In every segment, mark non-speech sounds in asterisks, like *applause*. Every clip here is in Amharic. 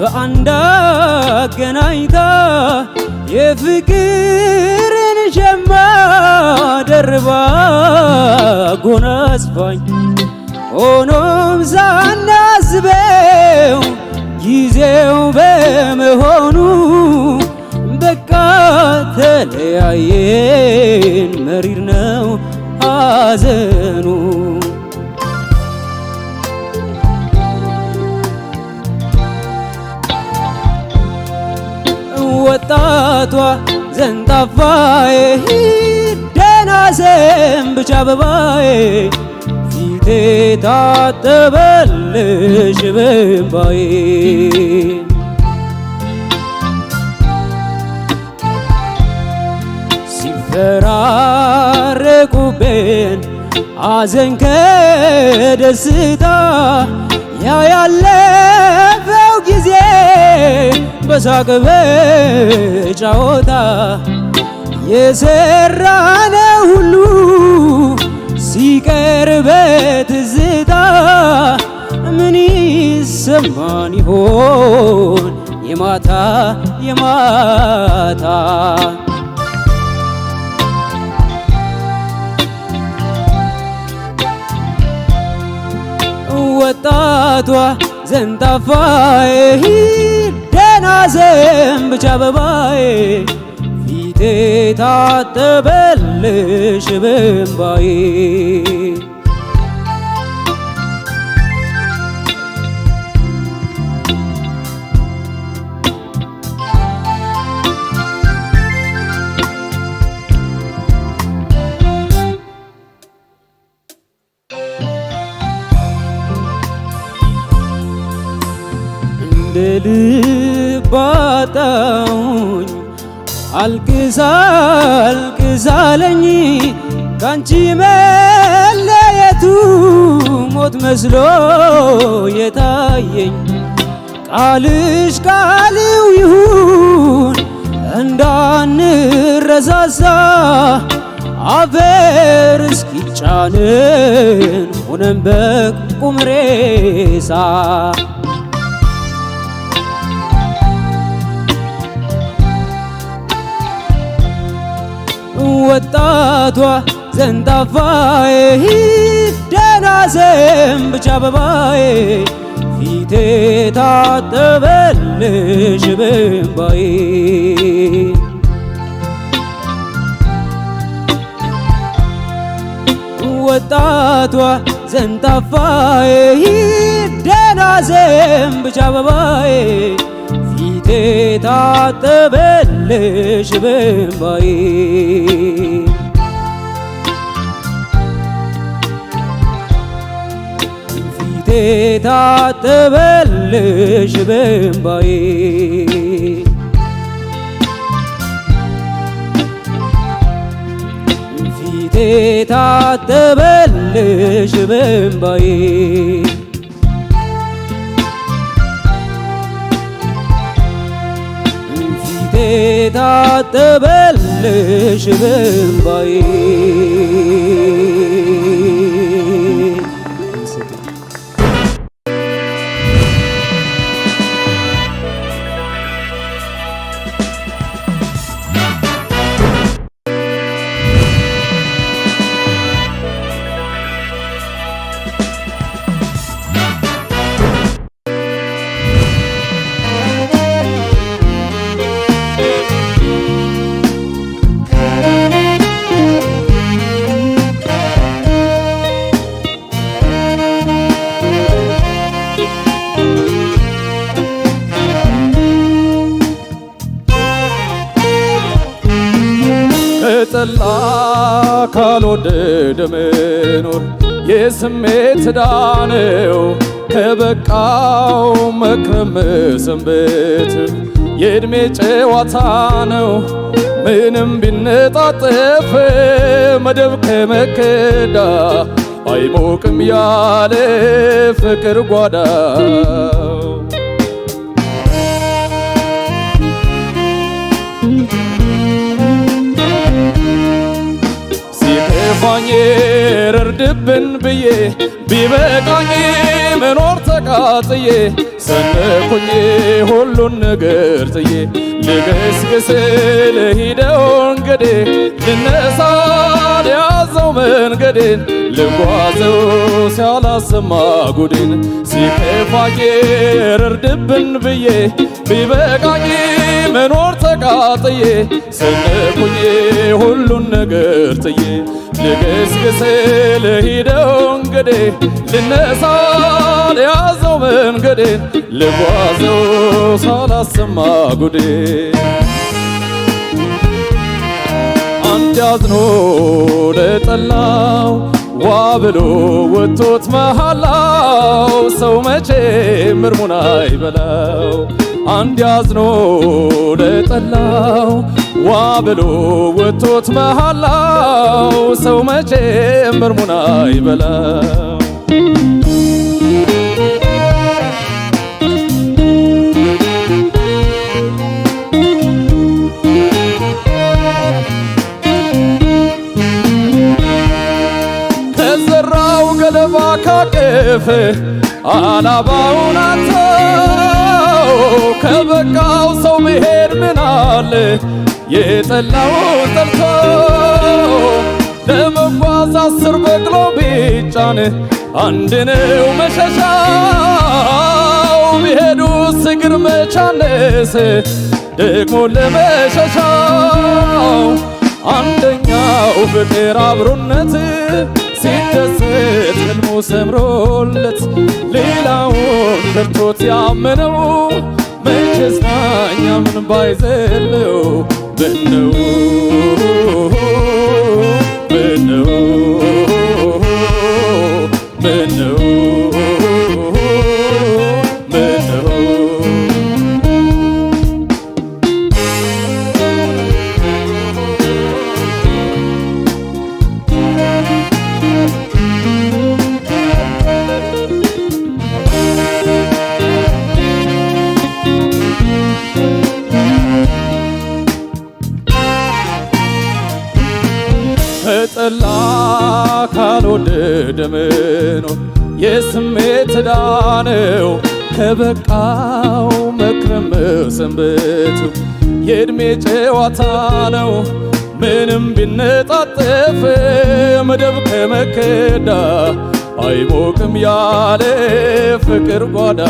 በአንድ አገናኝታ የፍቅርን ሸማ ደርባ ጎናጽፋኝ ሆኖም ሳናስበው ጊዜው በመሆኑ በቃ ተለያየን መሪር ነው አዘኑ ወጣቷ ዘንጣፋዬ ደህና ሰንብች አበባዬ ፊቴ ታጠበልሽ በእምባዬ ሲፈራረቁብን አዘን ከደስታ ያ ያለፈው ጊዜ በሳቅ በጫወታ የሰራነው ሁሉ ሲቀርበት በትዝታ ምን ይሰማን ይሆን የማታ የማታ ወጣቷ ዘንጣፋ ይሂል ብቻ አበባዬ ፊቴ ታጠበልሽ በእምባዬ ልልባጣውኝ አልቅሳ አልቅሳለኝ ካንቺ መለየቱ ሞት መስሎ የታየኝ ቃልሽ ቃልው ይሁን እንዳንረሳሳ አፈር እስኪጫንን ሆነን በቁም ሬሳ ወጣቷ ዘንጣፋዬ ደናሴም ብቻ አበባዬ ፊቴ ታጠበልሽ በእምባዬ ወጣቷ ዘንጣፋዬ ደናሴም ብቻ አበባዬ ፊቴ ታጠበልሽ በእምባዬ ፊቴ ታጠበልሽ በእምባዬ ፊቴ ታጠበልሽ በእምባዬ ታጠበልሽ በእምባዬ ካልጠላ ካልወደደ መኖር የስሜት ዳነው ከበቃው መክረም የእድሜ የዕድሜ ጨዋታ ነው። ምንም ቢነጣጠፍ መደብ ከመከዳ አይሞቅም ያለ ፍቅር ጓዳ ከፋኝ ረርድብን ብዬ ቢበቃኝ መኖር ተቃጥዬ ሰነኩኝ ሁሉን ነገር ጥዬ ልገስግስ ልሂደው እንግዴ ልነሳ ልያዘው መንገዴን ልጓዘው ሲያላሰማ ጉዴን ሲከፋኝ ረርድብን ብዬ ቢበቃኝ መኖር ተቃጥዬ ሰነኩኝ ሁሉን ነገር ጥዬ ልገስግስ ለሂደው እንግዴ ልነሳ ልያዘው መንገዴ ልጓዘው ሳላሰማ ጉዴ አንድ አዝኖ ለጠላው ዋ ብሎ ወቶት መሃላው ሰው መቼ ምርሙን አይበላው አንድ ያዝኖ ለጠላው ዋ ብሎ ወቶት መሃላው ሰው መቼም ምርሙን አይበላው። ከዘራው ገለባ ካቀፈ አላባውን አተው ከበቃው ሰው መሄድ ምን አለ የጠላው ጠልቶ ለመጓዝ አስር በቅሎ ቢጫን አንድ ነው መሸሻው ቢሄዱስ እግር መቻነስ ደግሞ ለመሸሻው አንደኛው ፍቅር አብሮነት ሲደሰት ሕልሙ ሰምሮለት ሌላውን በርቶት ያመነው ደስታኛ ምን ባይዘለው ብነው ብነው ብነው ጠላ ካልወደደ መኖር የስሜት ዳነው ከበቃው መክረም መሰንበቱ የእድሜ ጨዋታ ነው። ምንም ቢነጣጠፍ መደብ ከመከዳ አይሞቅም ያለ ፍቅር ጓዳ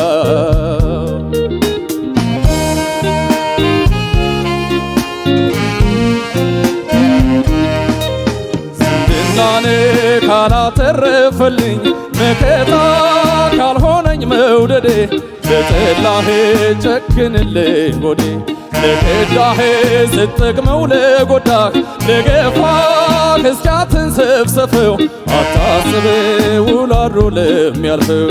ካላተረፈልኝ መከታ ካልሆነኝ መውደዴ ለጠላሄ ጨክንልኝ ሆዴ ለከዳሄ ስጠቅመው ለጎዳህ ለገፋህ እስኪያትን ሰብሰፈው አታስቤ ውላድሮ ለሚያልፈው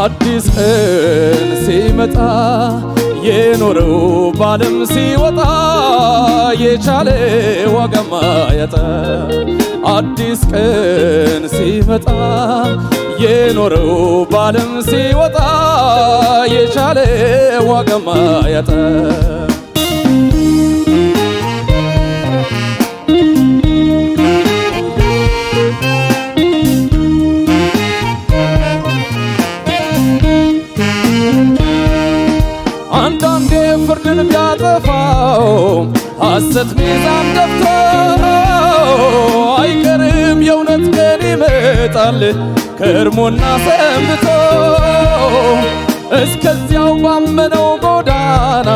አዲስ ቀን ሲመጣ የኖረው ባለም ሲወጣ የቻለ ዋጋማ ያጣ አዲስ ቀን ሲመጣ የኖረው ባለም ሲወጣ የቻለ ዋጋማ ያጣ ሐሰት ሚዛን ደፍቶ አይቀርም የእውነት ቀን ይመጣል ከርሞና ሰንብቶ እስከዚያው ባመነው ጎዳና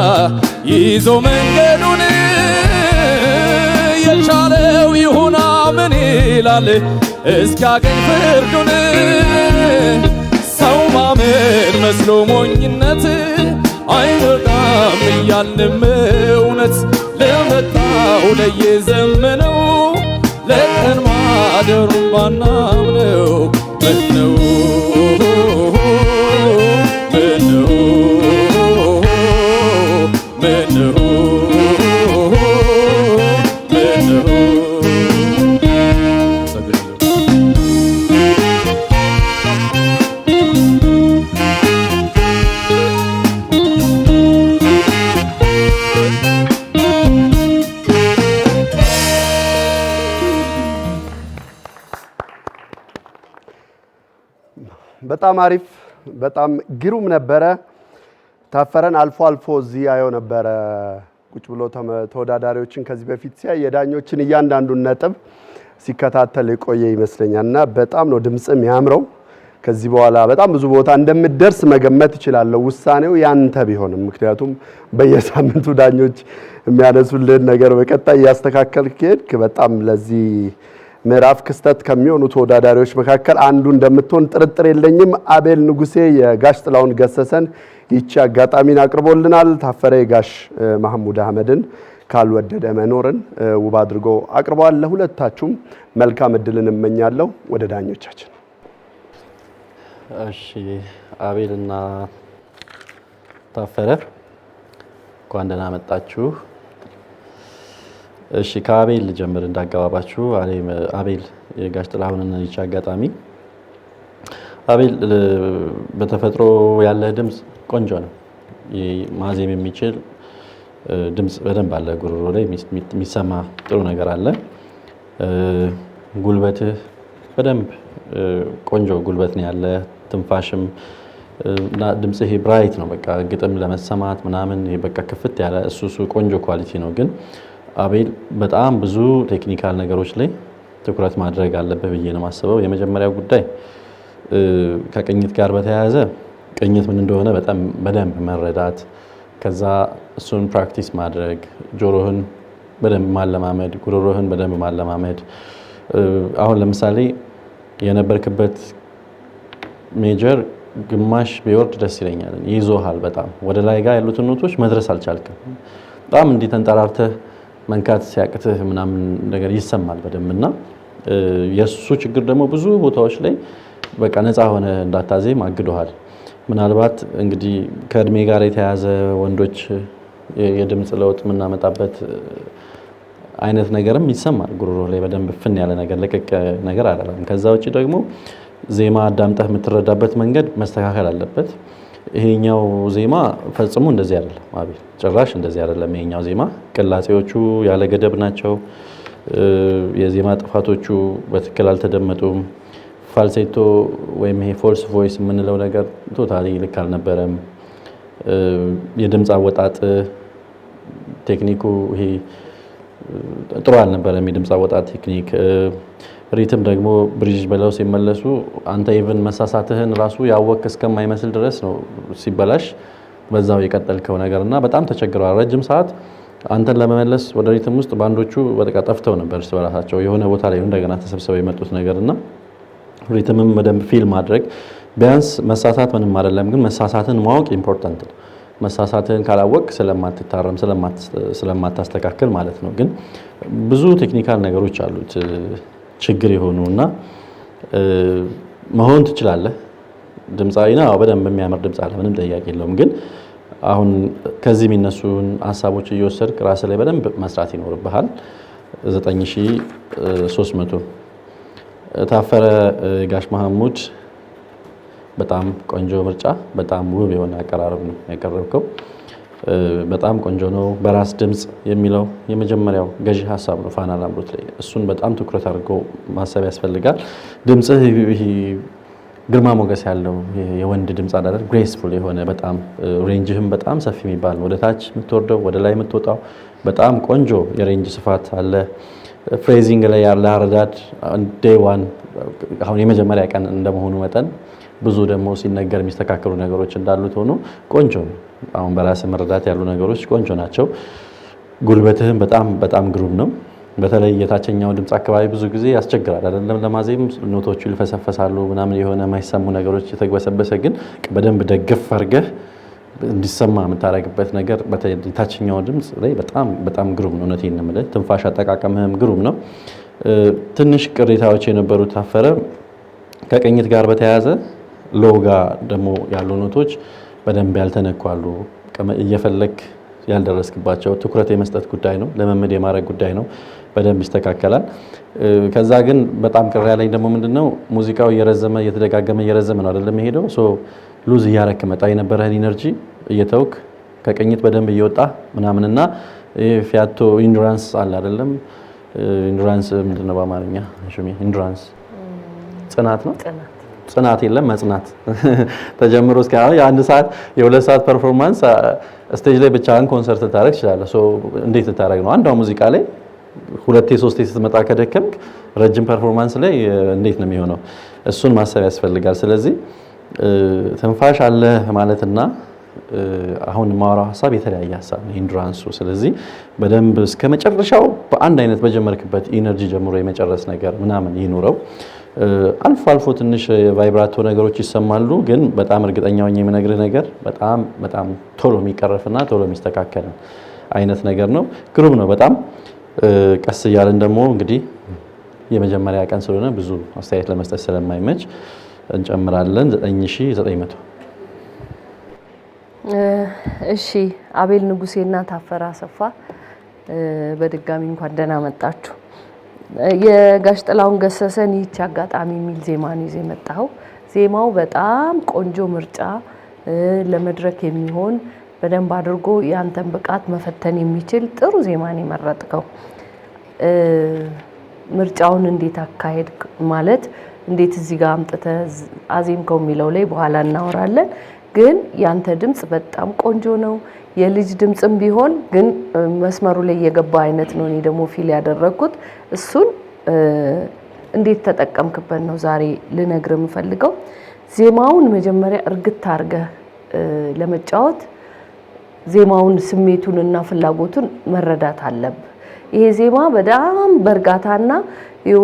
ይዞ መንገዱን የቻለው ይሁና ምን ይላል እስኪያገኝ ፍርዱን ሰው ማመን መስሎ ሞኝነት አይበቃም እያልንም እውነት ለመጣው ለየዘመነው ለቀን ማደሩን ባናምነው በጣም አሪፍ በጣም ግሩም ነበረ። ታፈረን አልፎ አልፎ እዚህ ያየው ነበረ ቁጭ ብሎ ተወዳዳሪዎችን ከዚህ በፊት ሲያይ የዳኞችን እያንዳንዱን ነጥብ ሲከታተል የቆየ ይመስለኛል እና በጣም ነው ድምጽ ያምረው። ከዚህ በኋላ በጣም ብዙ ቦታ እንደምደርስ መገመት እችላለሁ። ውሳኔው ያንተ ቢሆንም ምክንያቱም በየሳምንቱ ዳኞች የሚያነሱልን ነገር በቀጣይ እያስተካከልክ ሄድክ በጣም ለዚህ ምዕራፍ ክስተት ከሚሆኑ ተወዳዳሪዎች መካከል አንዱ እንደምትሆን ጥርጥር የለኝም። አቤል ንጉሴ የጋሽ ጥላውን ገሰሰን ይቺ አጋጣሚን አቅርቦልናል። ታፈረ የጋሽ ማህሙድ አህመድን ካልወደደ መኖርን ውብ አድርጎ አቅርበዋል። ለሁለታችሁም መልካም እድልን እመኛለሁ። ወደ ዳኞቻችን። እሺ አቤልና ታፈረ እንኳን ደህና መጣችሁ። እሺ ከአቤል ልጀምር እንዳገባባችሁ አቤል የጋሽ ጥላሁንን ይቺ አጋጣሚ አቤል በተፈጥሮ ያለ ድምፅ ቆንጆ ነው። ማዜም የሚችል ድምፅ በደንብ አለ። ጉሮሮ ላይ የሚሰማ ጥሩ ነገር አለ። ጉልበትህ በደንብ ቆንጆ ጉልበት ነው ያለ። ትንፋሽም እና ድምፅህ ብራይት ነው። በቃ ግጥም ለመሰማት ምናምን በቃ ክፍት ያለ እሱ እሱ ቆንጆ ኳሊቲ ነው ግን አቤል በጣም ብዙ ቴክኒካል ነገሮች ላይ ትኩረት ማድረግ አለብህ ብዬ ነው የማስበው። የመጀመሪያው ጉዳይ ከቅኝት ጋር በተያያዘ ቅኝት ምን እንደሆነ በጣም በደንብ መረዳት፣ ከዛ እሱን ፕራክቲስ ማድረግ፣ ጆሮህን በደንብ ማለማመድ፣ ጉሮሮህን በደንብ ማለማመድ። አሁን ለምሳሌ የነበርክበት ሜጀር ግማሽ ቢወርድ ደስ ይለኛል። ይዞሃል፣ በጣም ወደ ላይ ጋር ያሉትን ኖቶች መድረስ አልቻልክም። በጣም እንዲህ ተንጠራርተህ መንካት ሲያቅትህ ምናምን ነገር ይሰማል በደንብና የእሱ ችግር ደግሞ ብዙ ቦታዎች ላይ በቃ ነፃ ሆነ እንዳታዜም አግዶሃል። ምናልባት እንግዲህ ከእድሜ ጋር የተያያዘ ወንዶች የድምፅ ለውጥ የምናመጣበት አይነት ነገርም ይሰማል። ጉሮሮ ላይ በደንብ ፍን ያለ ነገር ለቀቀ ነገር አላለም። ከዛ ውጭ ደግሞ ዜማ አዳምጠህ የምትረዳበት መንገድ መስተካከል አለበት። ይሄኛው ዜማ ፈጽሞ እንደዚህ አይደለም። አቤል ጭራሽ እንደዚህ አይደለም። ይሄኛው ዜማ ቅላጼዎቹ ያለ ገደብ ናቸው። የዜማ ጥፋቶቹ በትክክል አልተደመጡም። ፋልሴቶ ወይም ይሄ ፎልስ ቮይስ የምንለው ነገር ቶታሊ ልክ አልነበረም። የድምፅ አወጣጥ ቴክኒኩ ይሄ ጥሩ አልነበረም። የድምፅ አወጣጥ ቴክኒክ ሪትም ደግሞ ብሪጅ ብለው ሲመለሱ አንተ ኢቨን መሳሳትህን ራሱ ያወቅ እስከማይመስል ድረስ ነው ሲበላሽ በዛው የቀጠልከው ነገር እና በጣም ተቸግረዋል። ረጅም ሰዓት አንተን ለመመለስ ወደ ሪትም ውስጥ ባንዶቹ በቃ ጠፍተው ነበር እርስ በራሳቸው የሆነ ቦታ ላይ እንደገና ተሰብስበው የመጡት ነገር እና ሪትምም በደንብ ፊል ማድረግ ቢያንስ መሳሳት ምንም አይደለም፣ ግን መሳሳትን ማወቅ ኢምፖርታንት ነው። መሳሳትህን ካላወቅ ስለማትታረም ስለማታስተካክል ማለት ነው። ግን ብዙ ቴክኒካል ነገሮች አሉት። ችግር የሆኑ እና መሆን ትችላለህ። ድምፃዊ ነው በደንብ የሚያምር ድምፅ አለ፣ ምንም ጥያቄ የለውም። ግን አሁን ከዚህ የሚነሱን ሀሳቦች እየወሰድክ ራስ ላይ በደንብ መስራት ይኖርብሃል። 9300 ታፈረ ጋሽ መሐሙድ በጣም ቆንጆ ምርጫ፣ በጣም ውብ የሆነ አቀራረብ ነው ያቀረብከው። በጣም ቆንጆ ነው። በራስ ድምፅ የሚለው የመጀመሪያው ገዢ ሀሳብ ነው ፋና ላምሮት ላይ። እሱን በጣም ትኩረት አድርጎ ማሰብ ያስፈልጋል። ድምፅህ ግርማ ሞገስ ያለው የወንድ ድምፅ አዳደር ግሬስፉል የሆነ በጣም ሬንጅህም በጣም ሰፊ የሚባል ወደ ታች የምትወርደው ወደ ላይ የምትወጣው በጣም ቆንጆ የሬንጅ ስፋት አለ። ፍሬዚንግ ላይ ያለ አረዳድ ዴይ ዋን አሁን የመጀመሪያ ቀን እንደመሆኑ መጠን ብዙ ደግሞ ሲነገር የሚስተካከሉ ነገሮች እንዳሉት ሆኖ ቆንጆ ነው። አሁን በራስ መረዳት ያሉ ነገሮች ቆንጆ ናቸው። ጉልበትህም በጣም በጣም ግሩም ነው። በተለይ የታችኛው ድምፅ አካባቢ ብዙ ጊዜ ያስቸግራል አይደለም? ለማዜም ኖቶቹ ይልፈሰፈሳሉ ምናምን የሆነ የማይሰሙ ነገሮች የተግበሰበሰ ግን በደንብ ደግፍ አድርገህ እንዲሰማ የምታደርግበት ነገር የታችኛው ድምፅ ላይ በጣም በጣም ግሩም ነው። እውነቴን የምልህ። ትንፋሽ አጠቃቀምህም ግሩም ነው። ትንሽ ቅሬታዎች የነበሩት ታፈረ ከቅኝት ጋር በተያያዘ ሎጋ ደግሞ ያሉ ኖቶች በደንብ ያልተነኳሉ እየፈለግ ያልደረስክባቸው ትኩረት የመስጠት ጉዳይ ነው፣ ለመመድ የማድረግ ጉዳይ ነው። በደንብ ይስተካከላል። ከዛ ግን በጣም ቅር ያለኝ ደግሞ ምንድነው ሙዚቃው እየረዘመ እየተደጋገመ እየረዘመ ነው አይደለም የሄደው ሉዝ እያረክ መጣ። የነበረህን ኢነርጂ እየተውክ ከቅኝት በደንብ እየወጣ ምናምንና ፊያቶ ኢንዱራንስ አለ አይደለም ኢንዱራንስ ምንድነው በአማርኛ ኢንዱራንስ ጽናት ነው ጽናት የለም መጽናት *laughs* ተጀምሮ እስከ የአንድ ሰዓት የሁለት ሰዓት ፐርፎርማንስ ስቴጅ ላይ ብቻህን ኮንሰርት ልታደርግ ትችላለህ። እንዴት ልታደርግ ነው? አንዷ ሙዚቃ ላይ ሁለቴ ሶስቴ ስትመጣ ከደከምክ ረጅም ፐርፎርማንስ ላይ እንዴት ነው የሚሆነው? እሱን ማሰብ ያስፈልጋል። ስለዚህ ትንፋሽ አለ ማለትና አሁን የማወራው ሀሳብ የተለያየ ሀሳብ ነው፣ ኢንዱራንሱ። ስለዚህ በደንብ እስከ መጨረሻው በአንድ አይነት በጀመርክበት ኢነርጂ ጀምሮ የመጨረስ ነገር ምናምን ይኑረው። አልፎ አልፎ ትንሽ የቫይብራቶ ነገሮች ይሰማሉ። ግን በጣም እርግጠኛ ሆኜ የምነግርህ ነገር በጣም በጣም ቶሎ የሚቀረፍና ቶሎ የሚስተካከል አይነት ነገር ነው። ግሩም ነው በጣም ቀስ እያለን ደግሞ እንግዲህ የመጀመሪያ ቀን ስለሆነ ብዙ አስተያየት ለመስጠት ስለማይመች እንጨምራለን 9900 እሺ አቤል ንጉሴና ታፈራ አሰፋ በድጋሚ እንኳን ደህና መጣችሁ። የጋሽ ጥላሁን ገሰሰን ይህች አጋጣሚ የሚል ዜማ ነው ይዤ መጣሁ። ዜማው በጣም ቆንጆ ምርጫ፣ ለመድረክ የሚሆን በደንብ አድርጎ ያንተን ብቃት መፈተን የሚችል ጥሩ ነው የመረጥከው። ምርጫውን እንዴት አካሄድ ማለት እንዴት እዚህ ጋር አምጥተህ አዜምከው የሚለው ላይ በኋላ እናወራለን። ግን ያንተ ድምፅ በጣም ቆንጆ ነው። የልጅ ድምጽም ቢሆን ግን መስመሩ ላይ የገባ አይነት ነው። እኔ ደግሞ ፊል ያደረግኩት እሱን እንዴት ተጠቀምክበት ነው ዛሬ ልነግር የምፈልገው። ዜማውን መጀመሪያ እርግት አድርገህ ለመጫወት ዜማውን ስሜቱንና ፍላጎቱን መረዳት አለብህ። ይሄ ዜማ በጣም በእርጋታና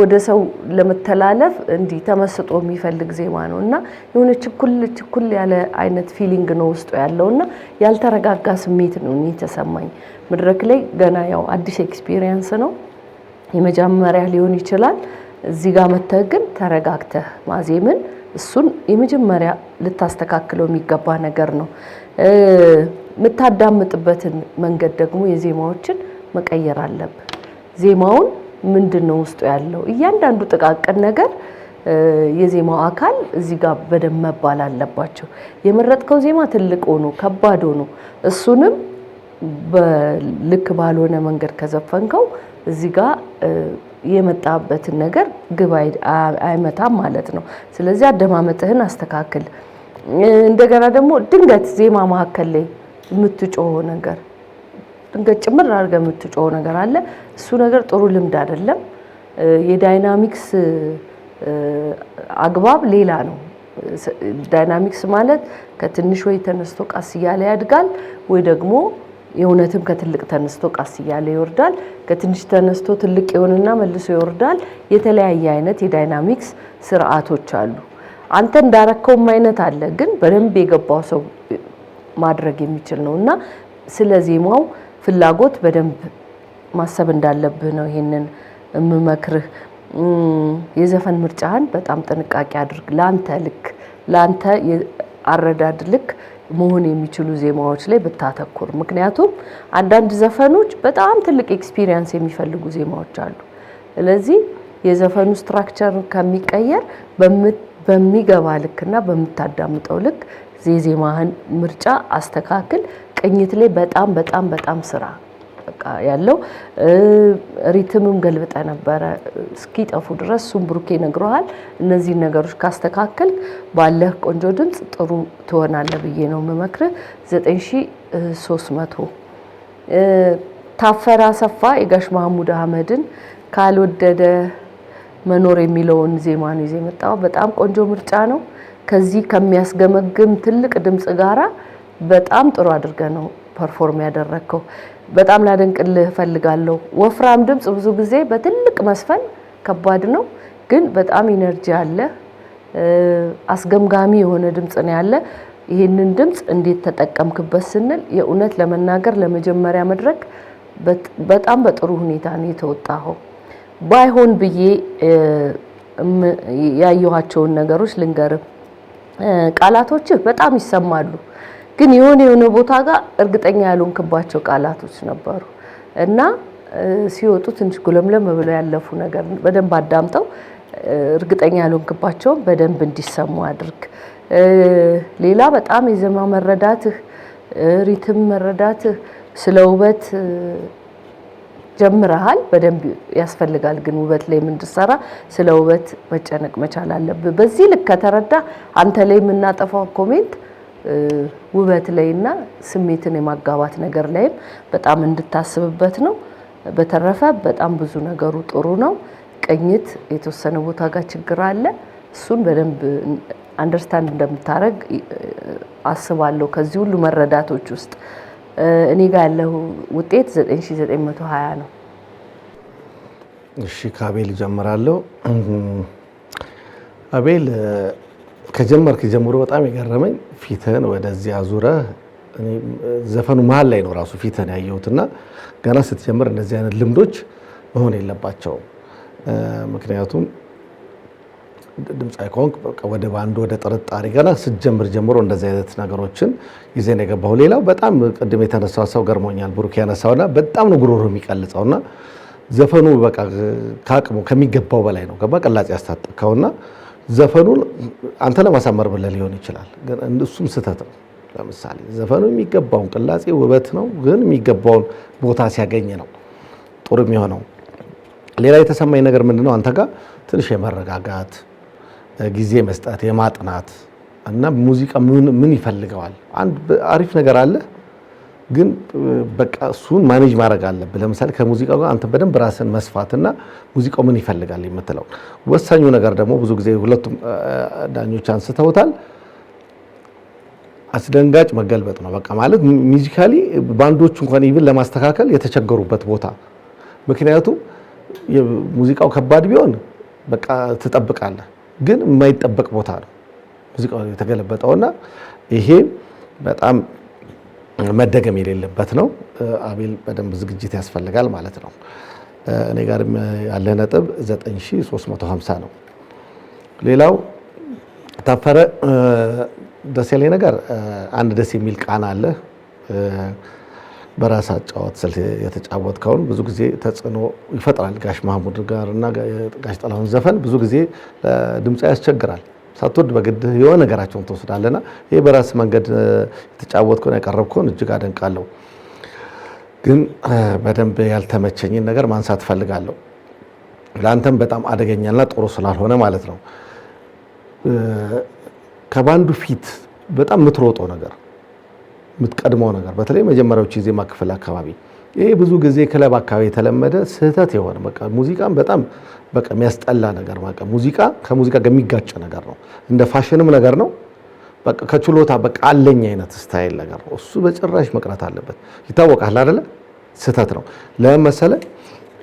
ወደ ሰው ለመተላለፍ እንዲህ ተመስጦ የሚፈልግ ዜማ ነው እና የሆነ ችኩል ችኩል ያለ አይነት ፊሊንግ ነው ውስጡ ያለው እና ያልተረጋጋ ስሜት ነው እኔ ተሰማኝ። መድረክ ላይ ገና ያው አዲስ ኤክስፒሪየንስ ነው የመጀመሪያ ሊሆን ይችላል። እዚህ ጋር መተህ ግን ተረጋግተህ ማዜምን እሱን የመጀመሪያ ልታስተካክለው የሚገባ ነገር ነው። የምታዳምጥበትን መንገድ ደግሞ የዜማዎችን መቀየር አለብህ ዜማውን ምንድን ነው ውስጡ ያለው እያንዳንዱ ጥቃቅን ነገር የዜማው አካል እዚህ ጋር በደንብ መባል አለባቸው። የመረጥከው ዜማ ትልቅ ሆኖ ከባድ ሆኖ እሱንም በልክ ባልሆነ መንገድ ከዘፈንከው እዚህ ጋር የመጣበትን ነገር ግብ አይመታም ማለት ነው። ስለዚህ አደማመጥህን አስተካክል። እንደገና ደግሞ ድንገት ዜማ መካከል ላይ የምትጮኸው ነገር ድንገት ጭምር አድርገህ የምትጮኸው ነገር አለ። እሱ ነገር ጥሩ ልምድ አይደለም። የዳይናሚክስ አግባብ ሌላ ነው። ዳይናሚክስ ማለት ከትንሽ ወይ ተነስቶ ቀስ እያለ ያድጋል ወይ ደግሞ የእውነትም ከትልቅ ተነስቶ ቀስ እያለ ይወርዳል። ከትንሽ ተነስቶ ትልቅ የሆነና መልሶ ይወርዳል። የተለያየ አይነት የዳይናሚክስ ስርዓቶች አሉ። አንተ እንዳረከውም አይነት አለ፣ ግን በደንብ የገባው ሰው ማድረግ የሚችል ነው እና ስለ ዜማው ፍላጎት በደንብ ማሰብ እንዳለብህ ነው ይሄንን የምመክርህ። የዘፈን ምርጫህን በጣም ጥንቃቄ አድርግ። ላንተ ልክ ላንተ አረዳድ ልክ መሆን የሚችሉ ዜማዎች ላይ ብታተኩር። ምክንያቱም አንዳንድ ዘፈኖች በጣም ትልቅ ኤክስፒሪየንስ የሚፈልጉ ዜማዎች አሉ። ስለዚህ የዘፈኑ ስትራክቸር ከሚቀየር በሚገባ ልክና በምታዳምጠው ልክ የዜማህን ምርጫ አስተካክል። ቅኝት ላይ በጣም በጣም በጣም ስራ በቃ ያለው ሪትምም ገልብጠ ነበረ እስኪጠፉ ድረስ እሱም ብሩኬ ነግረዋል። እነዚህ ነገሮች ካስተካከል ባለህ ቆንጆ ድምፅ ጥሩ ትሆናለ ብዬ ነው የምመክርህ። 9300 ታፈራ ሰፋ የጋሽ ማህሙድ አህመድን ካልወደደ መኖር የሚለውን ዜማ ነው ይዘህ የመጣው። በጣም ቆንጆ ምርጫ ነው። ከዚህ ከሚያስገመግም ትልቅ ድምፅ ጋራ በጣም ጥሩ አድርገ ነው ፐርፎርም ያደረግከው። በጣም ላደንቅልህ እፈልጋለሁ። ወፍራም ድምፅ ብዙ ጊዜ በትልቅ መስፈን ከባድ ነው፣ ግን በጣም ኢነርጂ አለ። አስገምጋሚ የሆነ ድምፅ ነው ያለ። ይህንን ድምፅ እንዴት ተጠቀምክበት ስንል የእውነት ለመናገር ለመጀመሪያ መድረክ በጣም በጥሩ ሁኔታ ነው የተወጣኸው። ባይሆን ብዬ ያየኋቸውን ነገሮች ልንገርም። ቃላቶችህ በጣም ይሰማሉ ግን የሆነ የሆነ ቦታ ጋር እርግጠኛ ያልሆንክባቸው ቃላቶች ነበሩ እና ሲወጡ ትንሽ ጉለምለም ብለው ያለፉ ነገር በደንብ አዳምጠው እርግጠኛ ያልሆንክባቸውን በደንብ እንዲሰሙ አድርግ። ሌላ በጣም የዜማ መረዳትህ፣ ሪትም መረዳትህ፣ ስለ ውበት ጀምረሃል፣ በደንብ ያስፈልጋል። ግን ውበት ላይ የምንድሰራ ስለ ውበት መጨነቅ መቻል አለብህ። በዚህ ልክ ከተረዳ አንተ ላይ የምናጠፋው ኮሜንት ውበት ላይና ስሜትን የማጋባት ነገር ላይም በጣም እንድታስብበት ነው። በተረፈ በጣም ብዙ ነገሩ ጥሩ ነው። ቅኝት የተወሰነ ቦታ ጋር ችግር አለ። እሱን በደንብ አንደርስታንድ እንደምታደረግ አስባለሁ። ከዚህ ሁሉ መረዳቶች ውስጥ እኔ ጋር ያለው ውጤት 9920 ነው። እሺ ከአቤል ጀምራለሁ። አቤል ከጀመርክ ጀምሮ በጣም የገረመኝ ፊትህን ወደዚህ አዙረህ ዘፈኑ መሀል ላይ ነው ራሱ ፊትህን ያየሁትና ገና ስትጀምር እንደዚህ አይነት ልምዶች መሆን የለባቸውም። ምክንያቱም ድምፃዊ ከሆንክ ወደ ባንዱ ወደ ጥርጣሬ ገና ስትጀምር ጀምሮ እንደዚህ አይነት ነገሮችን ይዘን የገባው። ሌላው በጣም ቅድም የተነሳው ሰው ገርሞኛል፣ ብሩክ ያነሳውና በጣም ነው ጉሮሮ የሚቀልጸውና ዘፈኑ በቃ ከአቅሙ ከሚገባው በላይ ነው ገባ ቅላጽ ያስታጠቅከውና ዘፈኑን አንተ ለማሳመር ብለህ ሊሆን ይችላል፣ ግን እሱም ስህተት ነው። ለምሳሌ ዘፈኑ የሚገባውን ቅላጼ ውበት ነው፣ ግን የሚገባውን ቦታ ሲያገኝ ነው ጥሩ የሚሆነው። ሌላ የተሰማኝ ነገር ምንድን ነው? አንተ ጋር ትንሽ የመረጋጋት ጊዜ መስጠት የማጥናት እና ሙዚቃ ምን ይፈልገዋል? አንድ አሪፍ ነገር አለ ግን በቃ እሱን ማኔጅ ማድረግ አለብህ። ለምሳሌ ከሙዚቃው ጋር አንተ በደንብ ራስን መስፋትና ሙዚቃው ምን ይፈልጋል የምትለው ወሳኙ ነገር ደግሞ ብዙ ጊዜ ሁለቱም ዳኞች አንስተውታል። አስደንጋጭ መገልበጥ ነው። በቃ ማለት ሚዚካሊ ባንዶች እንኳን ይብል ለማስተካከል የተቸገሩበት ቦታ። ምክንያቱም ሙዚቃው ከባድ ቢሆን በቃ ትጠብቃለህ፣ ግን የማይጠበቅ ቦታ ነው ሙዚቃው የተገለበጠውና ይሄ በጣም መደገም የሌለበት ነው። አቤል በደንብ ዝግጅት ያስፈልጋል ማለት ነው። እኔ ጋር ያለ ነጥብ 9350 ነው። ሌላው ታፈረ ደስ ያለኝ ነገር አንድ ደስ የሚል ቃና አለ። በራስ አጫወት ስልት የተጫወትከውን ብዙ ጊዜ ተጽዕኖ ይፈጥራል። ጋሽ ማህሙድ ጋር እና ጋሽ ጥላሁን ዘፈን ብዙ ጊዜ ድምፅ ያስቸግራል። ሳትወድ በግድ የሆነ ነገራቸውን ትወስዳለና ይሄ በራስ መንገድ የተጫወትኩን ያቀረብኩን እጅግ አደንቃለሁ። ግን በደንብ ያልተመቸኝን ነገር ማንሳት እፈልጋለሁ። ለአንተም በጣም አደገኛና ጥሩ ስላልሆነ ማለት ነው። ከባንዱ ፊት በጣም የምትሮጠው ነገር የምትቀድመው ነገር በተለይ መጀመሪያዎች የዜማ ክፍል አካባቢ ይሄ ብዙ ጊዜ ክለብ አካባቢ የተለመደ ስህተት የሆነ በቃ ሙዚቃም በጣም በቃ የሚያስጠላ ነገር በቃ ሙዚቃ ከሙዚቃ ጋር የሚጋጭ ነገር ነው። እንደ ፋሽንም ነገር ነው። በቃ ከችሎታ በቃ አለኝ አይነት ስታይል ነገር ነው። እሱ በጭራሽ መቅረት አለበት። ይታወቃል አይደለ? ስህተት ነው። ለምን መሰለህ?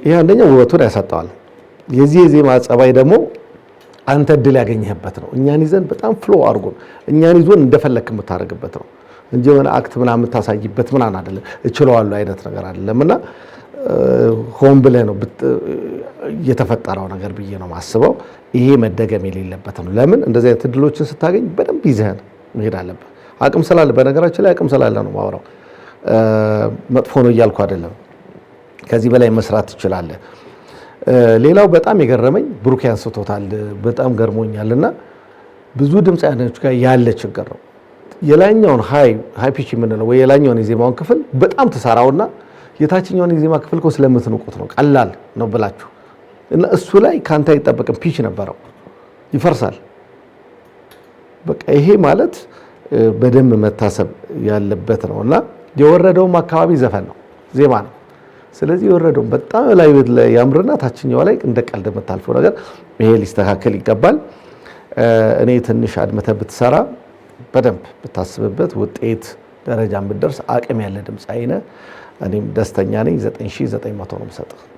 ይሄ አንደኛ ውበቱን ያሳጠዋል። የዚህ የዜማ ጸባይ ደግሞ አንተ እድል ያገኘህበት ነው። እኛን ይዘን በጣም ፍሎ አድርጎን እኛን ይዞን እንደፈለክ የምታደርግበት ነው። እንጂ የሆነ አክት ምናምን የምታሳይበት ምናምን አይደለም። እችለዋለሁ አይነት ነገር አይደለም እና ሆን ብለህ ነው የተፈጠረው ነገር ብዬ ነው ማስበው። ይሄ መደገም የሌለበት ነው። ለምን እንደዚህ አይነት እድሎችን ስታገኝ በደንብ ይዘህን መሄድ አለብህ። አቅም ስላለ በነገራችን ላይ አቅም ስላለ ነው ማውራው። መጥፎ ነው እያልኩ አይደለም። ከዚህ በላይ መስራት ትችላለህ። ሌላው በጣም የገረመኝ ብሩክ ያንስቶታል፣ በጣም ገርሞኛል እና ብዙ ድምፃውያኖች ጋር ያለ ችግር ነው የላይኛውን ሃይ ፒች የምንለው ወይ የላይኛውን የዜማውን ክፍል በጣም ትሰራውና የታችኛውን የዜማ ክፍል እኮ ስለምትንቁት ነው ቀላል ነው ብላችሁ እና እሱ ላይ ከአንተ አይጠበቅም። ፒች ነበረው ይፈርሳል። በቃ ይሄ ማለት በደንብ መታሰብ ያለበት ነው እና የወረደውም አካባቢ ዘፈን ነው ዜማ ነው። ስለዚህ የወረደውም በጣም ላይ ያምርና ታችኛው ላይ እንደ ቀልድ የምታልፈው ነገር ይሄ ሊስተካከል ይገባል። እኔ ትንሽ አድመተ ብትሰራ በደንብ ብታስብበት ውጤት ደረጃ ብትደርስ አቅም ያለ ድምፃዊ አይነ እኔም ደስተኛ ነኝ። 9900 ነው የምሰጥህ።